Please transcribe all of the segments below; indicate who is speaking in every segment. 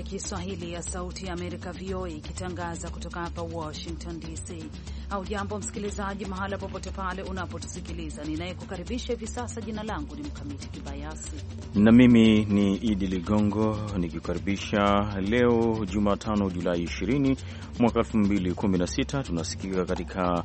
Speaker 1: ya Kiswahili ya Sauti ya Amerika, VOA, ikitangaza kutoka hapa Washington DC. Haujambo msikilizaji, mahala popote pale unapotusikiliza. Ninayekukaribisha hivi sasa, jina langu ni Mkamiti Kibayasi
Speaker 2: na mimi ni Idi Ligongo nikikukaribisha leo Jumatano Julai 20 mwaka 2016. Tunasikika katika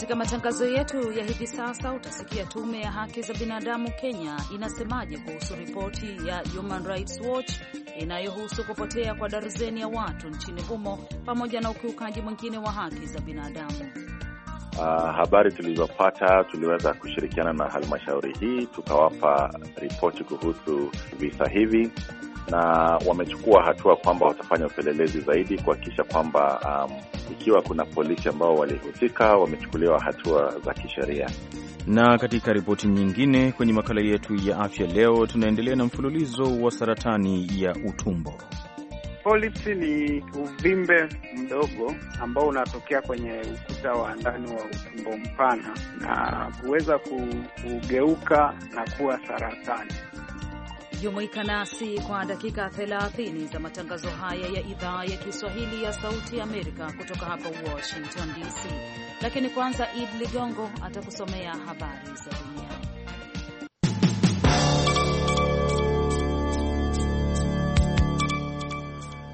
Speaker 1: Katika matangazo yetu ya hivi sasa utasikia tume ya haki za binadamu Kenya inasemaje kuhusu ripoti ya Human Rights Watch inayohusu kupotea kwa darzeni ya watu nchini humo pamoja na ukiukaji mwingine wa haki za binadamu.
Speaker 3: Uh, habari tulizopata tuliweza kushirikiana na halmashauri hii tukawapa ripoti kuhusu visa hivi na wamechukua hatua kwamba watafanya upelelezi zaidi kuhakikisha kwamba um, ikiwa kuna polisi ambao walihusika wamechukuliwa hatua za kisheria.
Speaker 2: Na katika ripoti nyingine kwenye makala yetu ya afya leo, tunaendelea na mfululizo wa saratani ya utumbo.
Speaker 4: Polyps ni uvimbe mdogo ambao unatokea kwenye ukuta wa ndani wa utumbo mpana na kuweza kugeuka na kuwa saratani.
Speaker 1: Jumuika nasi kwa dakika 30 za matangazo haya ya idhaa ya Kiswahili ya Sauti ya Amerika kutoka hapa Washington DC, lakini kwanza Id Ligongo atakusomea
Speaker 4: habari za dunia.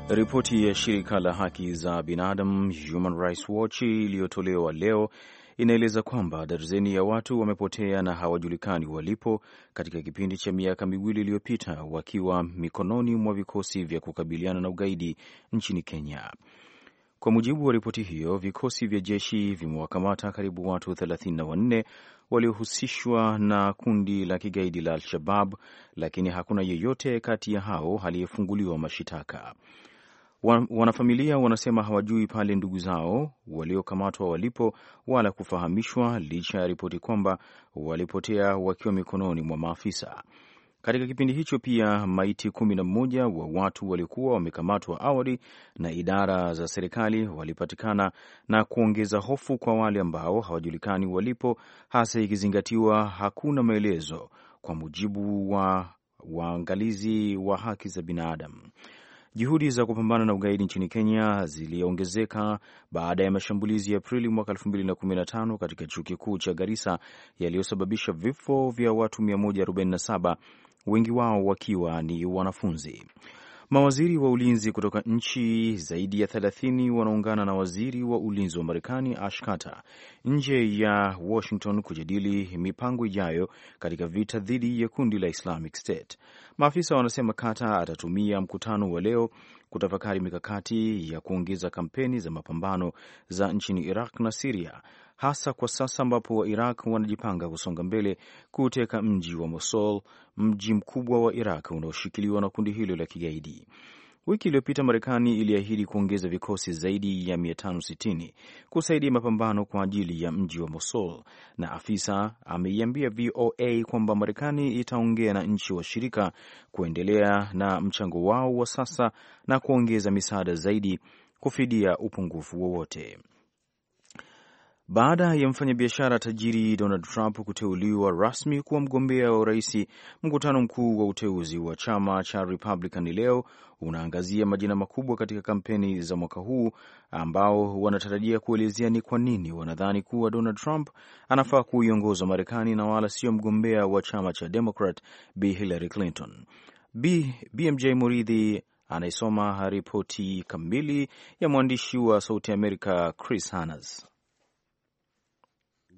Speaker 2: Ripoti ya shirika la haki za binadamu Human Rights Watch iliyotolewa leo inaeleza kwamba darzeni ya watu wamepotea na hawajulikani walipo katika kipindi cha miaka miwili iliyopita, wakiwa mikononi mwa vikosi vya kukabiliana na ugaidi nchini Kenya. Kwa mujibu wa ripoti hiyo, vikosi vya jeshi vimewakamata karibu watu 34 waliohusishwa na kundi la kigaidi la Al-Shabab, lakini hakuna yeyote kati ya hao aliyefunguliwa mashitaka. Wanafamilia wanasema hawajui pale ndugu zao waliokamatwa walipo wala kufahamishwa licha ya ripoti kwamba walipotea wakiwa mikononi mwa maafisa. Katika kipindi hicho pia maiti kumi na mmoja wa watu waliokuwa wamekamatwa awali na idara za serikali walipatikana na kuongeza hofu kwa wale ambao hawajulikani walipo, hasa ikizingatiwa hakuna maelezo, kwa mujibu wa waangalizi wa haki za binadamu. Juhudi za kupambana na ugaidi nchini Kenya ziliongezeka baada ya mashambulizi ya Aprili mwaka 2015 katika chuo kikuu cha Garissa yaliyosababisha vifo vya watu 147, wengi wao wakiwa ni wanafunzi. Mawaziri wa ulinzi kutoka nchi zaidi ya thelathini wanaungana na waziri wa ulinzi wa Marekani Ash Carter nje ya Washington kujadili mipango ijayo katika vita dhidi ya kundi la Islamic State. Maafisa wanasema Carter atatumia mkutano wa leo kutafakari mikakati ya kuongeza kampeni za mapambano za nchini Iraq na Siria, hasa kwa sasa ambapo Wairaq wanajipanga kusonga mbele kuuteka mji wa Mosul, mji mkubwa wa Iraq unaoshikiliwa na kundi hilo la kigaidi. Wiki iliyopita Marekani iliahidi kuongeza vikosi zaidi ya 560 kusaidia mapambano kwa ajili ya mji wa Mosul, na afisa ameiambia VOA kwamba Marekani itaongea na nchi washirika kuendelea na mchango wao wa sasa na kuongeza misaada zaidi kufidia upungufu wowote baada ya mfanyabiashara tajiri Donald Trump kuteuliwa rasmi kuwa mgombea wa urais. Mkutano mkuu wa uteuzi wa chama cha Republican leo unaangazia majina makubwa katika kampeni za mwaka huu ambao wanatarajia kuelezea ni kwa nini wanadhani kuwa Donald Trump anafaa kuiongoza Marekani na wala sio mgombea wa chama cha Democrat b Hillary Clinton. B, BMJ Muridhi anayesoma ripoti kamili ya mwandishi wa Sauti Amerika Chris Hannas.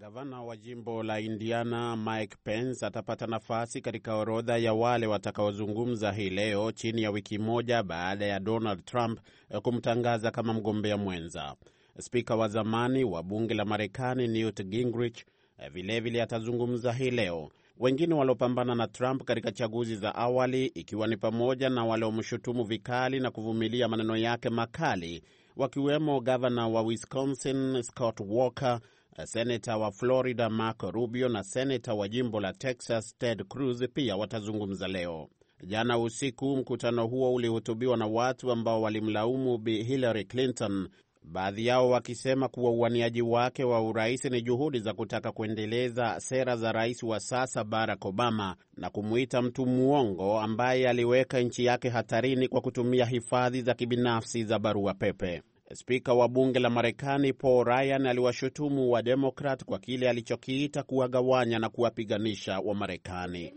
Speaker 5: Gavana wa jimbo la Indiana Mike Pence atapata nafasi katika orodha ya wale watakaozungumza hii leo, chini ya wiki moja baada ya Donald Trump eh, kumtangaza kama mgombea mwenza. Spika wa zamani wa bunge la Marekani Newt Gingrich vilevile eh, vile atazungumza hii leo. Wengine waliopambana na Trump katika chaguzi za awali, ikiwa ni pamoja na waliomshutumu vikali na kuvumilia maneno yake makali, wakiwemo gavana wa Wisconsin Scott Walker Senata wa Florida Marco Rubio na senata wa jimbo la Texas Ted Cruz pia watazungumza leo. Jana usiku, mkutano huo ulihutubiwa na watu ambao walimlaumu Bi Hillary Clinton, baadhi yao wakisema kuwa uwaniaji wake wa urais ni juhudi za kutaka kuendeleza sera za rais wa sasa Barack Obama na kumwita mtu mwongo ambaye aliweka nchi yake hatarini kwa kutumia hifadhi za kibinafsi za barua pepe. Spika wa bunge la Marekani Paul Ryan aliwashutumu wa Demokrat kwa kile alichokiita kuwagawanya na kuwapiganisha Wamarekani.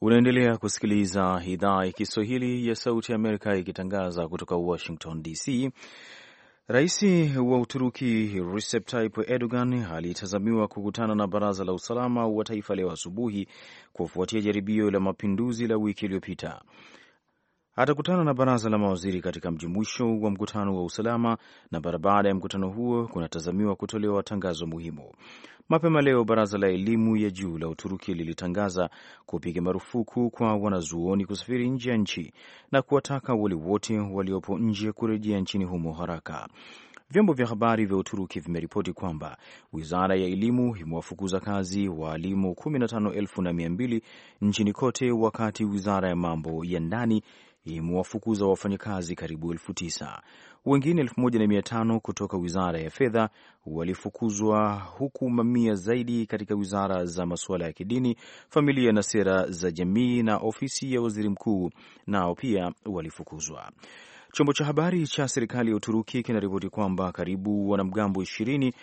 Speaker 2: Unaendelea kusikiliza idhaa ya Kiswahili ya Sauti ya Amerika ikitangaza kutoka Washington DC. Rais wa Uturuki Recep Tayyip Erdogan alitazamiwa kukutana na baraza la usalama wa taifa leo asubuhi kufuatia jaribio la mapinduzi la wiki iliyopita atakutana na baraza la mawaziri katika mji mwisho wa mkutano wa usalama, na bara baada ya mkutano huo kunatazamiwa kutolewa tangazo muhimu. Mapema leo baraza la elimu ya juu la Uturuki lilitangaza kupiga marufuku kwa wanazuoni kusafiri nje ya nchi na kuwataka wale wote waliopo nje kurejea nchini humo haraka. Vyombo vya habari vya Uturuki vimeripoti kwamba wizara ya elimu imewafukuza kazi waalimu elfu nchini kote, wakati wizara ya mambo ya ndani imewafukuza wafanyakazi karibu elfu tisa. Wengine elfu moja na mia tano kutoka wizara ya fedha walifukuzwa, huku mamia zaidi katika wizara za masuala ya kidini, familia na sera za jamii na ofisi ya waziri mkuu nao pia walifukuzwa. Chombo cha habari cha serikali ya Uturuki kinaripoti kwamba karibu wanamgambo ishirini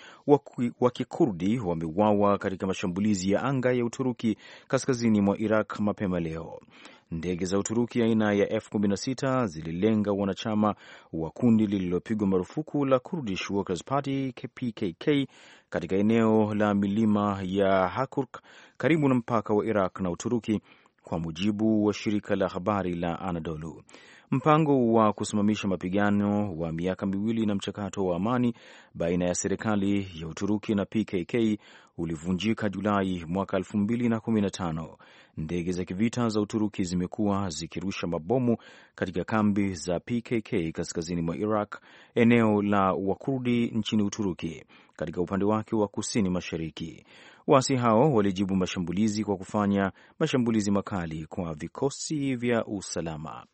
Speaker 2: wa kikurdi wameuawa katika mashambulizi ya anga ya Uturuki kaskazini mwa Iraq mapema leo. Ndege za Uturuki aina ya F16 zililenga wanachama wa kundi lililopigwa marufuku la Kurdish Workers Party KPKK katika eneo la milima ya Hakurk karibu na mpaka wa Iraq na Uturuki, kwa mujibu wa shirika la habari la Anadolu. Mpango wa kusimamisha mapigano wa miaka miwili na mchakato wa amani baina ya serikali ya Uturuki na PKK ulivunjika Julai mwaka 2015. Ndege za kivita za Uturuki zimekuwa zikirusha mabomu katika kambi za PKK kaskazini mwa Iraq, eneo la Wakurdi nchini Uturuki, katika upande wake wa kusini mashariki. Waasi hao walijibu mashambulizi kwa kufanya mashambulizi makali kwa vikosi vya usalama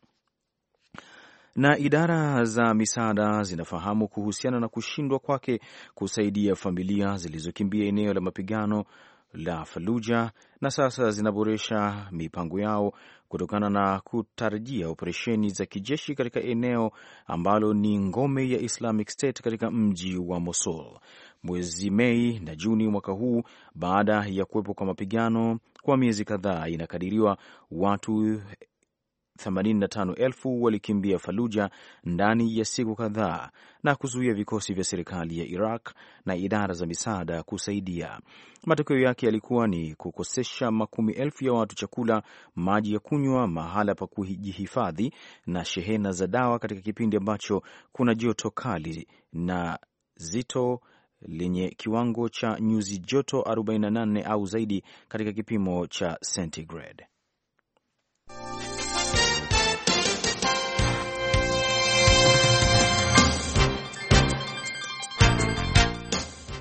Speaker 2: na idara za misaada zinafahamu kuhusiana na kushindwa kwake kusaidia familia zilizokimbia eneo la mapigano la Faluja na sasa zinaboresha mipango yao kutokana na kutarajia operesheni za kijeshi katika eneo ambalo ni ngome ya Islamic State katika mji wa Mosul mwezi Mei na Juni mwaka huu. Baada ya kuwepo kwa mapigano kwa miezi kadhaa, inakadiriwa watu 85,000 walikimbia Faluja ndani ya siku kadhaa na kuzuia vikosi vya serikali ya Iraq na idara za misaada kusaidia. Matokeo yake yalikuwa ni kukosesha makumi elfu ya watu chakula, maji ya kunywa, mahala pa kujihifadhi na shehena za dawa katika kipindi ambacho kuna joto kali na zito lenye kiwango cha nyuzi joto 48 au zaidi katika kipimo cha centigrade.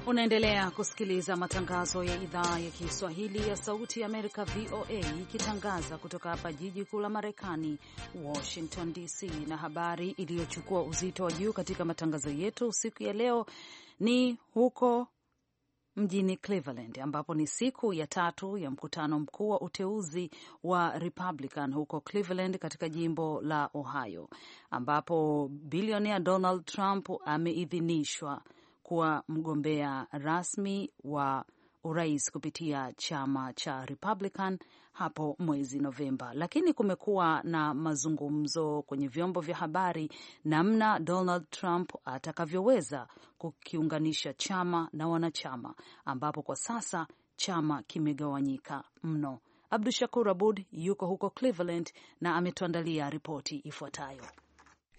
Speaker 1: Unaendelea kusikiliza matangazo ya idhaa ya Kiswahili ya Sauti ya Amerika, VOA, ikitangaza kutoka hapa jiji kuu la Marekani, Washington DC. Na habari iliyochukua uzito wa juu katika matangazo yetu siku ya leo ni huko mjini Cleveland ambapo ni siku ya tatu ya mkutano mkuu wa uteuzi wa Republican huko Cleveland katika jimbo la Ohio ambapo bilionea Donald Trump ameidhinishwa kuwa mgombea rasmi wa urais kupitia chama cha Republican hapo mwezi Novemba, lakini kumekuwa na mazungumzo kwenye vyombo vya habari namna Donald Trump atakavyoweza kukiunganisha chama na wanachama, ambapo kwa sasa chama kimegawanyika mno. Abdu Shakur Abud yuko huko Cleveland na ametuandalia ripoti ifuatayo.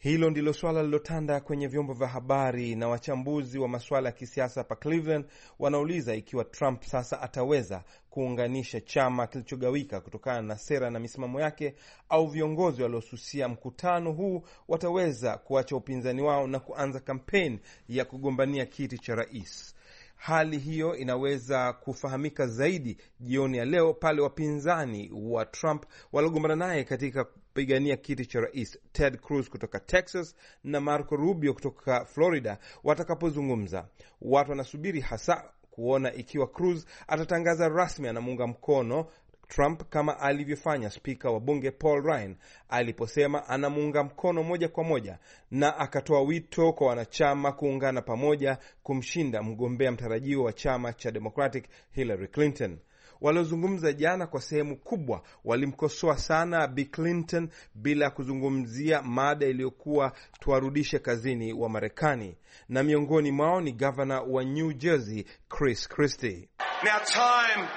Speaker 6: Hilo ndilo swala lilotanda kwenye vyombo vya habari na wachambuzi wa masuala ya kisiasa hapa Cleveland wanauliza ikiwa Trump sasa ataweza kuunganisha chama kilichogawika kutokana na sera na misimamo yake, au viongozi waliosusia mkutano huu wataweza kuacha upinzani wao na kuanza kampeni ya kugombania kiti cha rais. Hali hiyo inaweza kufahamika zaidi jioni ya leo pale wapinzani wa Trump waliogombana naye katika kupigania kiti cha rais, Ted Cruz kutoka Texas na Marco Rubio kutoka Florida watakapozungumza. Watu wanasubiri hasa kuona ikiwa Cruz atatangaza rasmi anamuunga mkono Trump kama alivyofanya spika wa bunge Paul Ryan aliposema anamuunga mkono moja kwa moja, na akatoa wito kwa wanachama kuungana pamoja kumshinda mgombea mtarajiwa wa chama cha Democratic Hillary Clinton. Waliozungumza jana kwa sehemu kubwa walimkosoa sana Bi Clinton bila ya kuzungumzia mada iliyokuwa tuwarudishe kazini wa Marekani, na miongoni mwao ni gavana wa New Jersey Chris Christie. Now time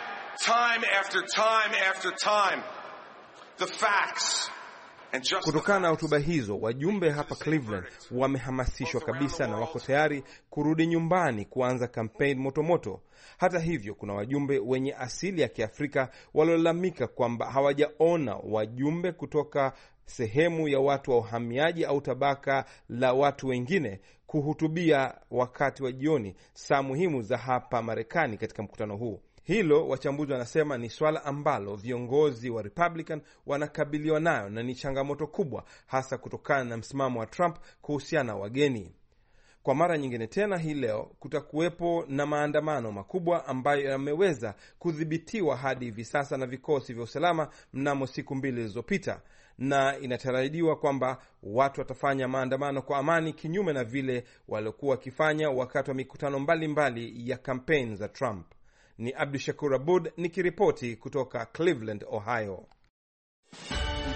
Speaker 6: time after time after time the facts Kutokana na hotuba hizo, wajumbe hapa Cleveland wamehamasishwa kabisa na wako tayari kurudi nyumbani kuanza kampeni motomoto. Hata hivyo, kuna wajumbe wenye asili ya Kiafrika waliolalamika kwamba hawajaona wajumbe kutoka sehemu ya watu wa uhamiaji au tabaka la watu wengine kuhutubia wakati wa jioni, saa muhimu za hapa Marekani katika mkutano huu. Hilo wachambuzi wanasema ni swala ambalo viongozi wa Republican wanakabiliwa nayo na ni changamoto kubwa, hasa kutokana na msimamo wa Trump kuhusiana na wageni. Kwa mara nyingine tena hii leo kutakuwepo na maandamano makubwa ambayo yameweza kudhibitiwa hadi hivi sasa na vikosi vya usalama mnamo siku mbili zilizopita, na inatarajiwa kwamba watu watafanya maandamano kwa amani, kinyume na vile waliokuwa wakifanya wakati wa mikutano mbalimbali mbali ya kampeni za Trump. Ni Abdu Shakur Abud nikiripoti kutoka Cleveland, Ohio.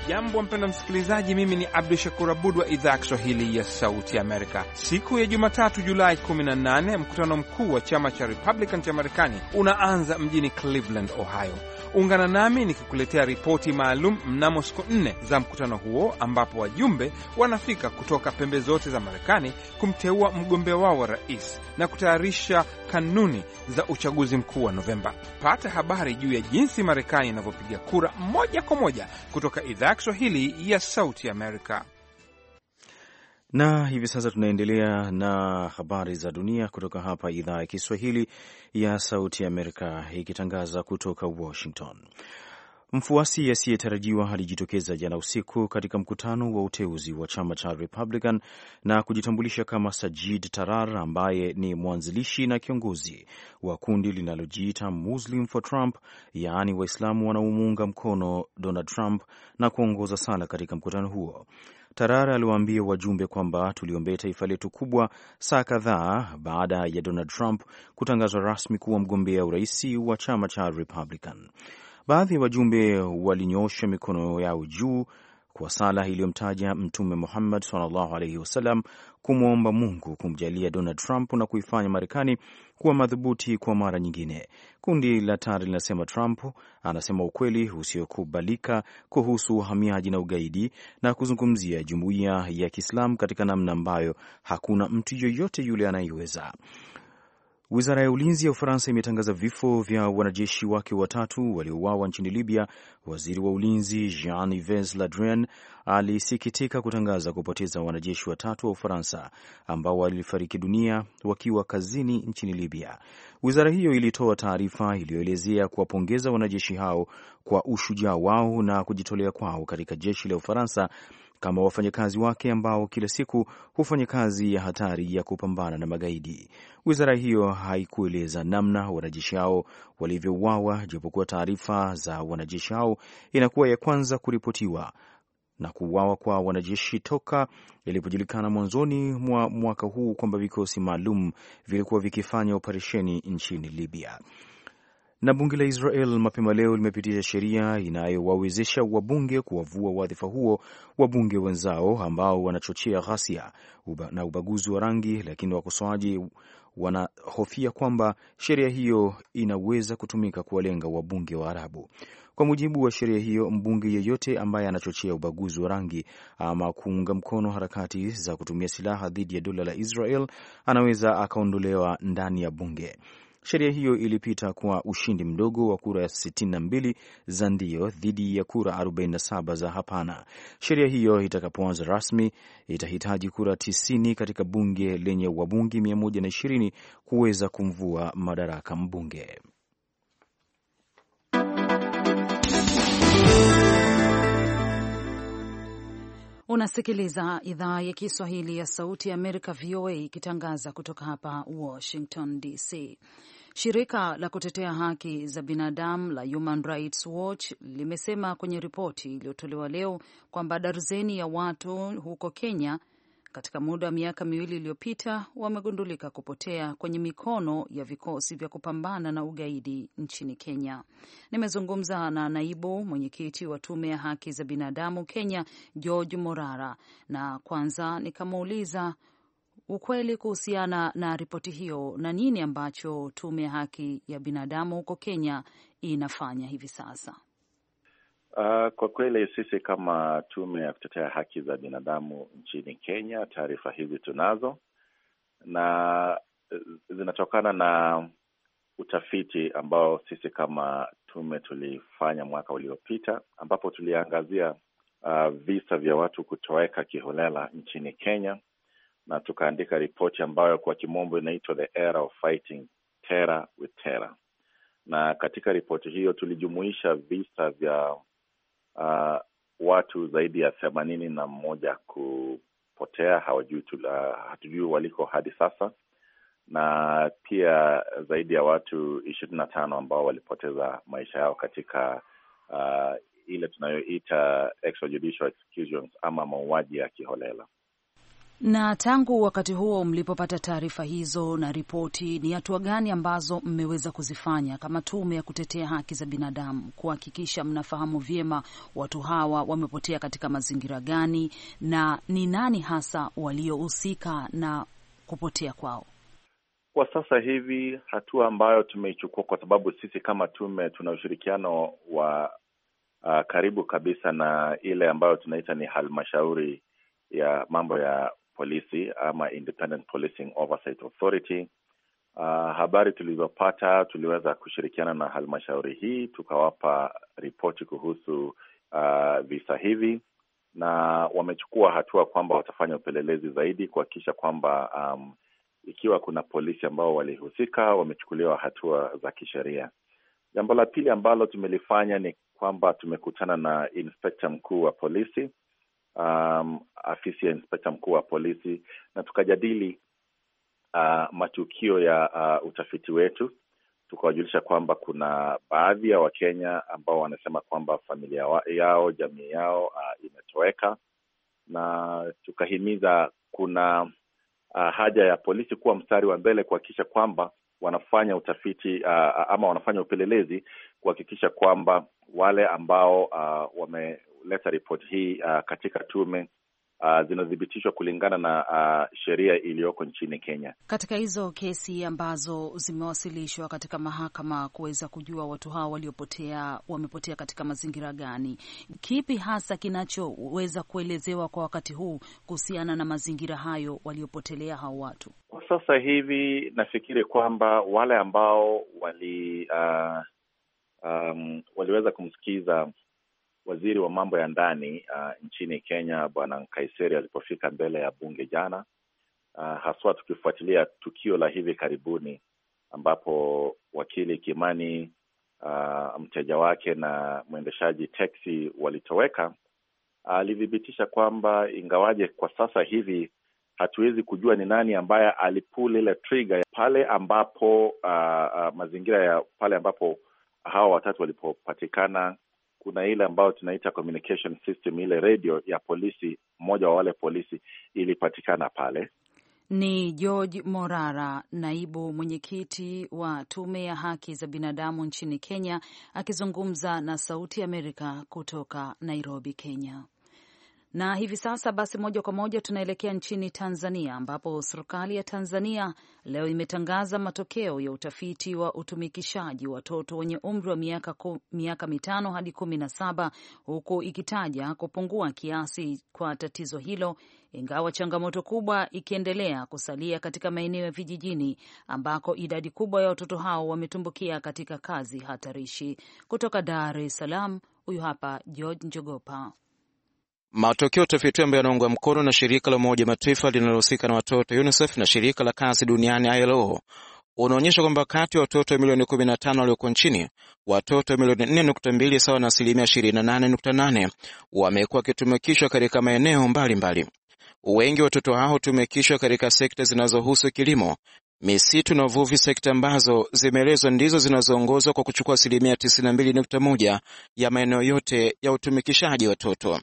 Speaker 6: Jambo mpendo msikilizaji, mimi ni Abdu Shakur Abud wa idhaa ya Kiswahili ya Sauti Amerika. Siku ya Jumatatu, Julai 18, mkutano mkuu wa chama cha Republican cha Marekani unaanza mjini Cleveland, Ohio. Ungana nami nikikuletea ripoti maalum mnamo siku nne za mkutano huo, ambapo wajumbe wanafika kutoka pembe zote za Marekani kumteua mgombea wao wa rais na kutayarisha kanuni za uchaguzi mkuu wa Novemba. Pata habari juu ya jinsi Marekani inavyopiga kura moja kwa moja kutoka idhaa Kiswahili ya Sauti Amerika.
Speaker 2: Na hivi sasa tunaendelea na habari za dunia kutoka hapa idhaa ya Kiswahili ya Sauti Amerika ikitangaza kutoka Washington. Mfuasi asiyetarajiwa alijitokeza jana usiku katika mkutano wa uteuzi wa chama cha Republican na kujitambulisha kama Sajid Tarar ambaye ni mwanzilishi na kiongozi wa kundi linalojiita Muslim for Trump, yaani Waislamu wanaomuunga mkono Donald Trump na kuongoza sana katika mkutano huo. Tarar aliwaambia wajumbe kwamba tuliombea taifa letu kubwa, saa kadhaa baada ya Donald Trump kutangazwa rasmi kuwa mgombea urais wa chama cha Republican. Baadhi ya wajumbe walinyoosha mikono yao juu kwa sala iliyomtaja Mtume Muhammad sallallahu alaihi wasallam kumwomba Mungu kumjalia Donald Trump na kuifanya Marekani kuwa madhubuti kwa mara nyingine. Kundi la TARI linasema Trump anasema ukweli usiokubalika kuhusu uhamiaji na ugaidi na kuzungumzia jumuiya ya Kiislamu katika namna ambayo hakuna mtu yoyote yule anayeweza Wizara ya ulinzi ya Ufaransa imetangaza vifo vya wanajeshi wake watatu waliouawa nchini Libya. Waziri wa ulinzi Jean Yves Le Drian alisikitika kutangaza kupoteza wanajeshi watatu wa Ufaransa ambao walifariki dunia wakiwa kazini nchini Libya. Wizara hiyo ilitoa taarifa iliyoelezea kuwapongeza wanajeshi hao kwa ushujaa wao na kujitolea kwao katika jeshi la Ufaransa kama wafanyakazi wake ambao kila siku hufanya kazi ya hatari ya kupambana na magaidi. Wizara hiyo haikueleza namna wanajeshi hao walivyouawa, japokuwa taarifa za wanajeshi hao inakuwa ya kwanza kuripotiwa na kuuawa kwa wanajeshi toka ilipojulikana mwanzoni mwa mwaka huu kwamba vikosi maalum vilikuwa vikifanya operesheni nchini Libya. Na bunge la Israel mapema leo limepitisha sheria inayowawezesha wabunge kuwavua wadhifa huo wabunge wenzao ambao wanachochea ghasia na ubaguzi wa rangi, lakini wakosoaji wanahofia kwamba sheria hiyo inaweza kutumika kuwalenga wabunge wa Arabu. Kwa mujibu wa sheria hiyo, mbunge yeyote ambaye anachochea ubaguzi wa rangi ama kuunga mkono harakati za kutumia silaha dhidi ya dola la Israel anaweza akaondolewa ndani ya bunge. Sheria hiyo ilipita kwa ushindi mdogo wa kura ya 62 za ndio dhidi ya kura 47 za hapana. Sheria hiyo itakapoanza rasmi itahitaji kura 90 katika bunge lenye wabunge 120 kuweza kumvua madaraka mbunge.
Speaker 1: Unasikiliza idhaa ya Kiswahili ya Sauti ya Amerika, VOA, ikitangaza kutoka hapa Washington DC. Shirika la kutetea haki za binadamu la Human Rights Watch limesema kwenye ripoti iliyotolewa leo kwamba darzeni ya watu huko Kenya katika muda wa miaka miwili iliyopita wamegundulika kupotea kwenye mikono ya vikosi vya kupambana na ugaidi nchini Kenya. Nimezungumza na naibu mwenyekiti wa tume ya haki za binadamu Kenya, George Morara, na kwanza nikamuuliza ukweli kuhusiana na ripoti hiyo na nini ambacho tume ya haki ya binadamu huko Kenya inafanya hivi sasa.
Speaker 3: Uh, kwa kweli sisi kama tume ya kutetea haki za binadamu nchini Kenya, taarifa hizi tunazo na zinatokana na utafiti ambao sisi kama tume tulifanya mwaka uliopita, ambapo tuliangazia uh, visa vya watu kutoweka kiholela nchini Kenya, na tukaandika ripoti ambayo kwa kimombo inaitwa The Era of Fighting Terror with Terror, na katika ripoti hiyo tulijumuisha visa vya uh, watu zaidi ya themanini na mmoja kupotea, hawajui tula, hatujui waliko hadi sasa, na pia zaidi ya watu ishirini na tano ambao walipoteza maisha yao katika uh, ile tunayoita extrajudicial executions ama mauaji ya kiholela.
Speaker 1: Na tangu wakati huo mlipopata taarifa hizo na ripoti, ni hatua gani ambazo mmeweza kuzifanya kama tume ya kutetea haki za binadamu kuhakikisha mnafahamu vyema watu hawa wamepotea katika mazingira gani na ni nani hasa waliohusika na kupotea
Speaker 3: kwao? Kwa sasa hivi, hatua ambayo tumeichukua, kwa sababu sisi kama tume tuna ushirikiano wa uh, karibu kabisa na ile ambayo tunaita ni halmashauri ya mambo ya polisi ama Independent Policing Oversight Authority. Uh, habari tulizopata, tuliweza kushirikiana na halmashauri hii tukawapa ripoti kuhusu uh, visa hivi na wamechukua hatua kwamba watafanya upelelezi zaidi kuhakikisha kwamba um, ikiwa kuna polisi ambao walihusika wamechukuliwa hatua za kisheria. Jambo la pili ambalo tumelifanya ni kwamba tumekutana na inspekta mkuu wa polisi um, afisi ya inspekta mkuu wa polisi na tukajadili uh, matukio ya uh, utafiti wetu. Tukawajulisha kwamba kuna baadhi ya Wakenya ambao wanasema kwamba familia yao, jamii yao uh, imetoweka, na tukahimiza kuna uh, haja ya polisi kuwa mstari wa mbele kuhakikisha kwamba wanafanya utafiti uh, ama wanafanya upelelezi kuhakikisha kwamba wale ambao uh, wame, kuleta ripoti hii uh, katika tume uh, zinathibitishwa kulingana na uh, sheria iliyoko nchini Kenya.
Speaker 1: Katika hizo kesi ambazo zimewasilishwa katika mahakama kuweza kujua watu hao waliopotea wamepotea katika mazingira gani, kipi hasa kinachoweza kuelezewa kwa wakati huu kuhusiana na mazingira hayo waliopotelea hao watu?
Speaker 3: Kwa sasa hivi nafikiri kwamba wale ambao wali uh, um, waliweza kumsikiza waziri wa mambo ya ndani uh, nchini Kenya Bwana Nkaiseri alipofika mbele ya bunge jana uh, haswa tukifuatilia tukio la hivi karibuni ambapo wakili Kimani uh, mteja wake na mwendeshaji teksi walitoweka, alithibitisha uh, kwamba ingawaje kwa sasa hivi hatuwezi kujua ni nani ambaye alipul ile trigger pale ambapo uh, uh, mazingira ya pale ambapo hawa watatu walipopatikana kuna ile ambayo tunaita communication system, ile redio ya polisi. Mmoja wa wale polisi ilipatikana pale.
Speaker 1: Ni George Morara, naibu mwenyekiti wa tume ya haki za binadamu nchini Kenya, akizungumza na Sauti ya Amerika kutoka Nairobi, Kenya. Na hivi sasa basi, moja kwa moja tunaelekea nchini Tanzania, ambapo serikali ya Tanzania leo imetangaza matokeo ya utafiti wa utumikishaji watoto wenye umri wa miaka, ku, miaka mitano hadi kumi na saba huku ikitaja kupungua kiasi kwa tatizo hilo, ingawa changamoto kubwa ikiendelea kusalia katika maeneo ya vijijini ambako idadi kubwa ya watoto hao wametumbukia katika kazi hatarishi. Kutoka Dar es Salaam, huyu hapa George Njogopa.
Speaker 7: Matokeo tofauti ambayo yanaungwa mkono na shirika la Umoja Mataifa linalohusika na watoto UNICEF na shirika la kazi duniani ILO unaonyesha kwamba kati ya watoto milioni 15 walioko nchini, watoto milioni 4.2 sawa na asilimia 28.8 wamekuwa wakitumikishwa katika maeneo mbalimbali. Wengi watoto hao hutumikishwa katika sekta zinazohusu kilimo, misitu na uvuvi, sekta ambazo zimeelezwa ndizo zinazoongozwa kwa kuchukua asilimia 92.1 ya maeneo yote ya utumikishaji watoto.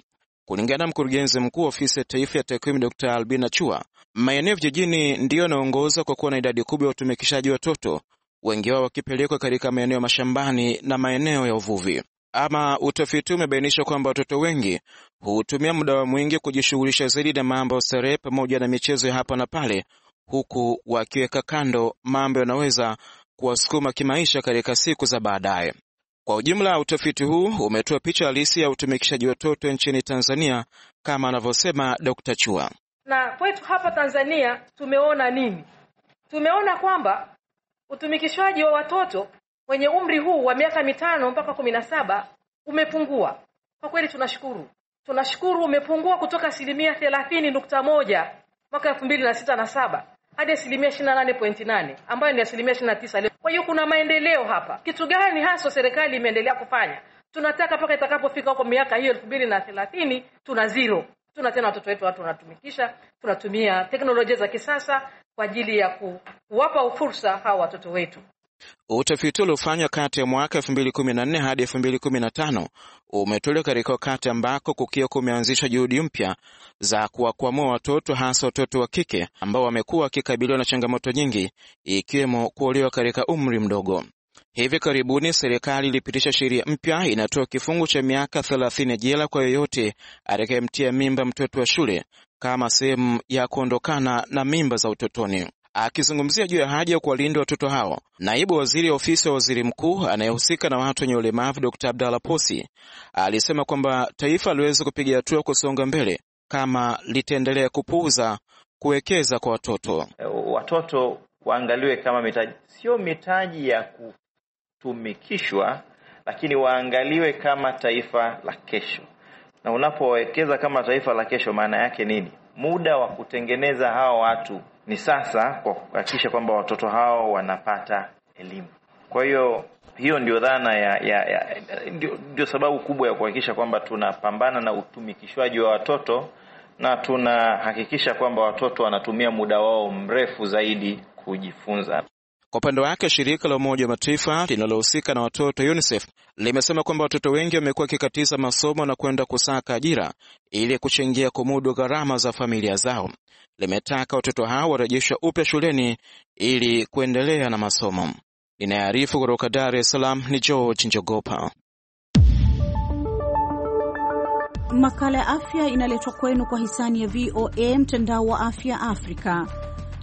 Speaker 7: Kulingana na mkurugenzi mkuu ofisi ya taifa ya takwimu Dr Albina Chua, maeneo vijijini ndiyo yanaongoza kwa kuwa na idadi kubwa ya utumikishaji watoto, wengi wao wakipelekwa katika maeneo ya mashambani na maeneo ya uvuvi. Ama utafiti umebainisha kwamba watoto wengi hutumia muda wa mwingi kujishughulisha zaidi na mambo ya starehe pamoja na michezo ya hapa na pale, huku wakiweka kando mambo yanaweza kuwasukuma kimaisha katika siku za baadaye. Kwa ujumla, utafiti huu umetoa picha halisi ya utumikishaji watoto nchini Tanzania kama anavyosema Dr. Chua.
Speaker 8: Na kwetu hapa Tanzania tumeona nini? Tumeona kwamba utumikishaji wa watoto wenye umri huu wa miaka mitano mpaka kumi na saba umepungua. Kwa kweli tunashukuru, tunashukuru umepungua kutoka asilimia thelathini nukta moja mwaka elfu mbili na sita na saba hadi asilimia ishirini na nane nane ambayo ni asilimia ishirini na tisa leo. Kwa hiyo kuna maendeleo hapa. Kitu gani haswa serikali imeendelea kufanya? Tunataka mpaka itakapofika huko miaka hiyo elfu mbili na thelathini tuna zero, tuna tena watoto wetu watu wanatumikisha, tunatumia teknolojia za kisasa kwa ajili ya kuwapa fursa hawa watoto wetu.
Speaker 7: Utafiti uliofanywa kati ya mwaka 2014 hadi 2015 umetolewa katika wakati ambako kukiwa kumeanzishwa juhudi mpya za kuwakwamua watoto hasa watoto wa kike ambao wamekuwa wakikabiliwa na changamoto nyingi ikiwemo kuolewa katika umri mdogo. Hivi karibuni serikali ilipitisha sheria mpya inatoa kifungu cha miaka thelathini jela kwa yoyote atakayemtia mimba mtoto wa shule kama sehemu ya kuondokana na mimba za utotoni. Akizungumzia juu ya haja ya kuwalinda watoto hao, naibu waziri wa ofisi ya waziri mkuu anayehusika na watu wenye ulemavu Dr. Abdalla Posi alisema kwamba taifa aliweza kupiga hatua kusonga mbele kama litaendelea kupuuza kuwekeza kwa watoto. E, watoto waangaliwe kama mitaji,
Speaker 2: sio mitaji ya kutumikishwa,
Speaker 7: lakini waangaliwe kama taifa la kesho. Na unapowekeza kama taifa la kesho, maana yake nini? muda wa kutengeneza hawa watu ni sasa, kwa kuhakikisha kwamba watoto hao wanapata elimu. Kwa hiyo hiyo ndio dhana ya, ya, ya ndio, ndio sababu kubwa ya kuhakikisha kwamba tunapambana na utumikishwaji wa watoto na tunahakikisha kwamba watoto wanatumia muda wao mrefu zaidi kujifunza. Kwa upande wake shirika la Umoja wa Mataifa linalohusika na watoto UNICEF limesema kwamba watoto wengi wamekuwa wakikatiza masomo na kwenda kusaka ajira ili kuchangia kumudu gharama za familia zao. Limetaka watoto hao warejeshwa upya shuleni ili kuendelea na masomo. Inayoarifu kutoka Dar es Salaam ni George Njogopa.
Speaker 9: Makala ya afya inaletwa kwenu kwa hisani ya VOA, mtandao wa afya Afrika.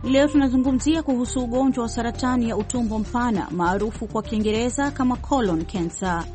Speaker 9: Leo tunazungumzia kuhusu ugonjwa wa saratani ya utumbo mpana maarufu kwa Kiingereza kama colon cancer.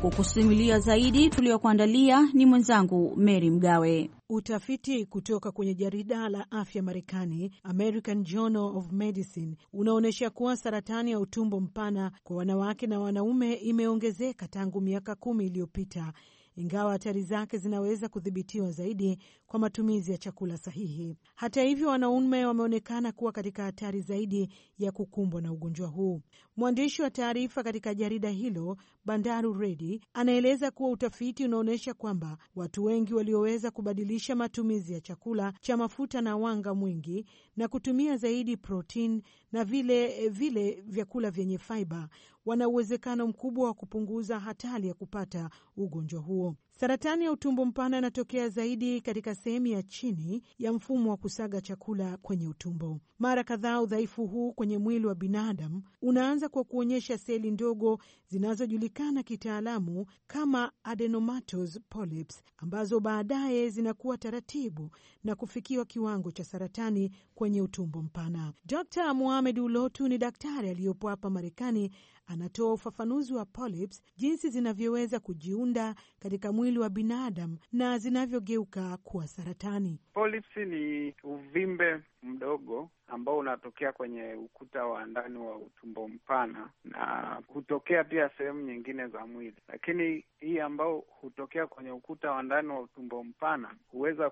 Speaker 9: Kukusimulia zaidi tuliyokuandalia ni mwenzangu Mary Mgawe.
Speaker 8: Utafiti kutoka kwenye jarida la afya Marekani, American Journal of Medicine, unaonyesha kuwa saratani ya utumbo mpana kwa wanawake na wanaume imeongezeka tangu miaka kumi iliyopita ingawa hatari zake zinaweza kudhibitiwa zaidi kwa matumizi ya chakula sahihi. Hata hivyo, wanaume wameonekana kuwa katika hatari zaidi ya kukumbwa na ugonjwa huu. Mwandishi wa taarifa katika jarida hilo Bandaru Redi anaeleza kuwa utafiti unaonyesha kwamba watu wengi walioweza kubadilisha matumizi ya chakula cha mafuta na wanga mwingi na kutumia zaidi protini na vile eh, vile vyakula vyenye faiba, wana uwezekano mkubwa wa kupunguza hatari ya kupata ugonjwa huo. Saratani ya utumbo mpana inatokea zaidi katika sehemu ya chini ya mfumo wa kusaga chakula kwenye utumbo. Mara kadhaa, udhaifu huu kwenye mwili wa binadamu unaanza kwa kuonyesha seli ndogo zinazojulikana kitaalamu kama adenomatous polyps, ambazo baadaye zinakuwa taratibu na kufikiwa kiwango cha saratani kwenye utumbo mpana. Dr Mohamed Ulotu ni daktari aliyopo hapa Marekani Anatoa ufafanuzi wa polyps, jinsi zinavyoweza kujiunda katika mwili wa binadamu na zinavyogeuka kuwa saratani.
Speaker 4: Polyps ni uvimbe mdogo ambao unatokea kwenye ukuta wa ndani wa utumbo mpana na hutokea pia sehemu nyingine za mwili, lakini hii ambao hutokea kwenye ukuta wa ndani wa utumbo mpana huweza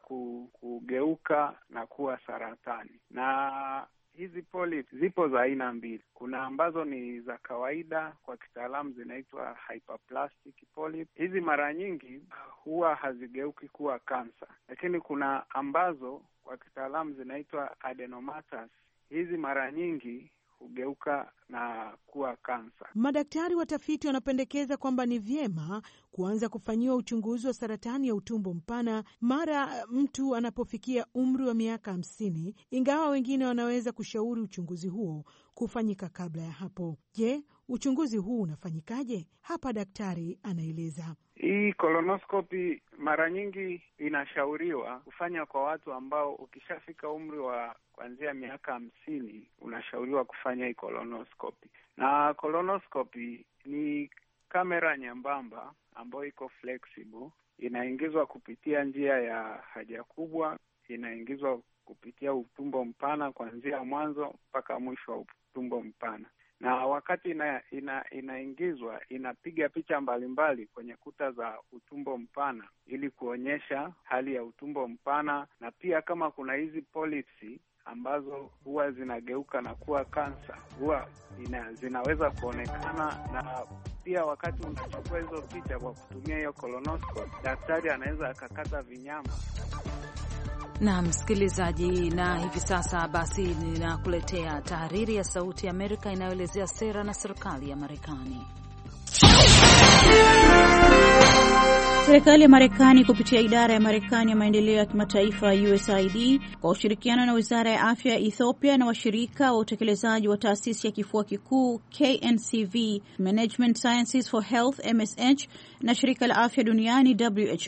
Speaker 4: kugeuka na kuwa saratani na Hizi poli zipo za aina mbili. Kuna ambazo ni za kawaida, kwa kitaalamu zinaitwa hyperplastic polyp. Hizi mara nyingi uh, huwa hazigeuki kuwa kansa, lakini kuna ambazo kwa kitaalamu zinaitwa adenomatous. Hizi mara nyingi hugeuka na kuwa kansa.
Speaker 8: Madaktari watafiti wanapendekeza kwamba ni vyema kuanza kufanyiwa uchunguzi wa saratani ya utumbo mpana mara mtu anapofikia umri wa miaka hamsini, ingawa wengine wanaweza kushauri uchunguzi huo kufanyika kabla ya hapo. Je, uchunguzi huu unafanyikaje? Hapa daktari anaeleza.
Speaker 4: Hii kolonoskopi mara nyingi inashauriwa kufanya kwa watu ambao ukishafika umri wa kuanzia miaka hamsini, unashauriwa kufanya hii kolonoskopi. Na kolonoskopi ni kamera nyembamba ambayo iko flexible, inaingizwa kupitia njia ya haja kubwa, inaingizwa kupitia utumbo mpana kuanzia mwanzo mpaka mwisho wa utumbo mpana na wakati ina, ina, inaingizwa inapiga picha mbalimbali kwenye kuta za utumbo mpana ili kuonyesha hali ya utumbo mpana, na pia kama kuna hizi polisi ambazo huwa zinageuka na kuwa kansa huwa ina, zinaweza kuonekana. Na pia wakati unachukua hizo picha kwa kutumia hiyo colonoscope, daktari anaweza akakata vinyama
Speaker 1: na msikilizaji, na hivi sasa basi ninakuletea tahariri ya Sauti ya Amerika inayoelezea sera na serikali ya Marekani.
Speaker 9: Serikali ya Marekani kupitia idara ya Marekani ya maendeleo ya kimataifa USAID kwa ushirikiano na wizara ya afya ya Ethiopia na washirika wa utekelezaji wa taasisi ya kifua kikuu KNCV, Management Sciences for Health MSH, na shirika la afya duniani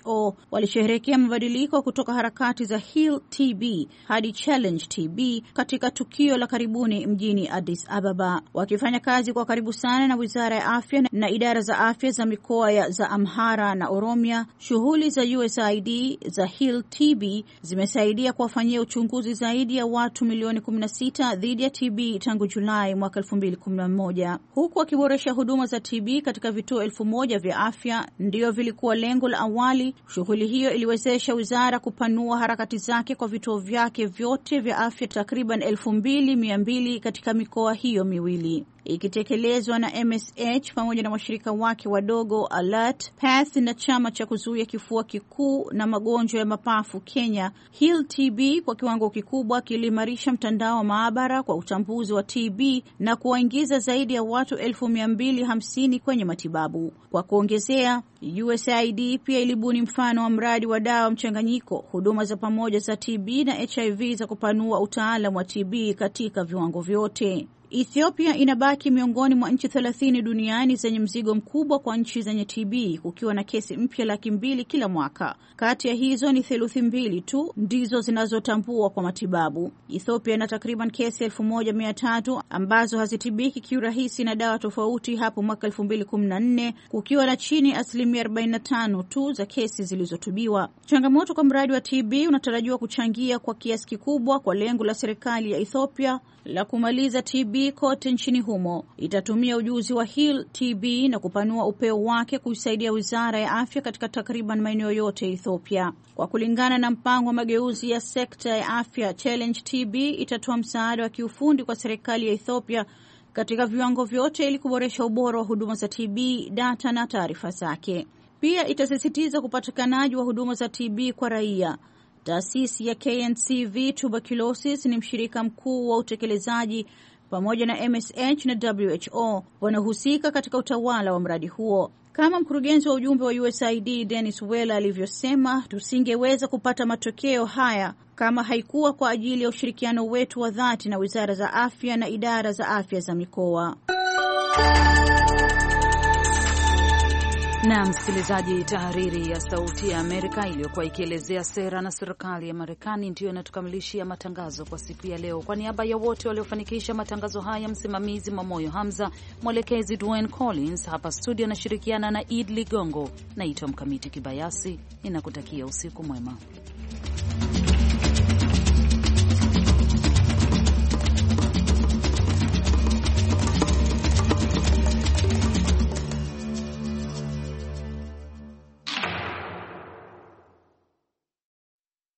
Speaker 9: WHO walisherehekea mabadiliko kutoka harakati za Heal TB hadi Challenge TB katika tukio la karibuni mjini Addis Ababa, wakifanya kazi kwa karibu sana na wizara ya afya na idara za afya za mikoa za Amhara na Oromia kimya. Shughuli za USAID za Hill TB zimesaidia kuwafanyia uchunguzi zaidi ya watu milioni 16 dhidi ya TB tangu Julai mwaka 2011 huku wakiboresha huduma za TB katika vituo elfu moja vya afya. Ndiyo vilikuwa lengo la awali. Shughuli hiyo iliwezesha wizara kupanua harakati zake kwa vituo vyake vyote vya afya takriban elfu mbili mia mbili katika mikoa hiyo miwili ikitekelezwa na MSH pamoja na washirika wake wadogo Alert Path na chama cha kuzuia kifua kikuu na magonjwa ya mapafu Kenya Heal TB kwa kiwango kikubwa kiliimarisha mtandao wa maabara kwa utambuzi wa TB na kuwaingiza zaidi ya watu elfu mia mbili hamsini kwenye matibabu. Kwa kuongezea, USAID pia ilibuni mfano wa mradi wa dawa mchanganyiko, huduma za pamoja za TB na HIV za kupanua utaalam wa TB katika viwango vyote. Ethiopia inabaki miongoni mwa nchi thelathini duniani zenye mzigo mkubwa kwa nchi zenye TB kukiwa na kesi mpya laki mbili kila mwaka. Kati ya hizo ni theluthi mbili tu ndizo zinazotambua kwa matibabu. Ethiopia ina takriban kesi elfu moja mia tatu ambazo hazitibiki kiurahisi na dawa tofauti hapo mwaka elfu mbili kumi na nne kukiwa na chini asilimia 45 tu za kesi zilizotibiwa. Changamoto kwa mradi wa TB unatarajiwa kuchangia kwa kiasi kikubwa kwa lengo la serikali ya Ethiopia la kumaliza TB kote nchini humo itatumia ujuzi wa Hill TB na kupanua upeo wake kuisaidia wizara ya afya katika takriban maeneo yote ya Ethiopia. Kwa kulingana na mpango wa mageuzi ya sekta ya afya, Challenge TB itatoa msaada wa kiufundi kwa serikali ya Ethiopia katika viwango vyote ili kuboresha ubora wa huduma za TB, data na taarifa zake. Pia itasisitiza upatikanaji wa huduma za TB kwa raia. Taasisi ya KNCV Tuberculosis ni mshirika mkuu wa utekelezaji pamoja na MSH na WHO wanahusika katika utawala wa mradi huo. Kama mkurugenzi wa ujumbe wa USAID Dennis Weller alivyosema, tusingeweza kupata matokeo haya kama haikuwa kwa ajili ya ushirikiano wetu wa dhati na wizara za afya na idara za afya za mikoa
Speaker 1: na msikilizaji, tahariri ya Sauti ya Amerika iliyokuwa ikielezea sera na serikali ya Marekani ndiyo inatukamilishia matangazo kwa siku ya leo. Kwa niaba ya wote waliofanikisha matangazo haya, msimamizi Mamoyo Hamza, mwelekezi Dwayne Collins, hapa studio anashirikiana na Id Ligongo. Naitwa Mkamiti Kibayasi, ninakutakia usiku mwema.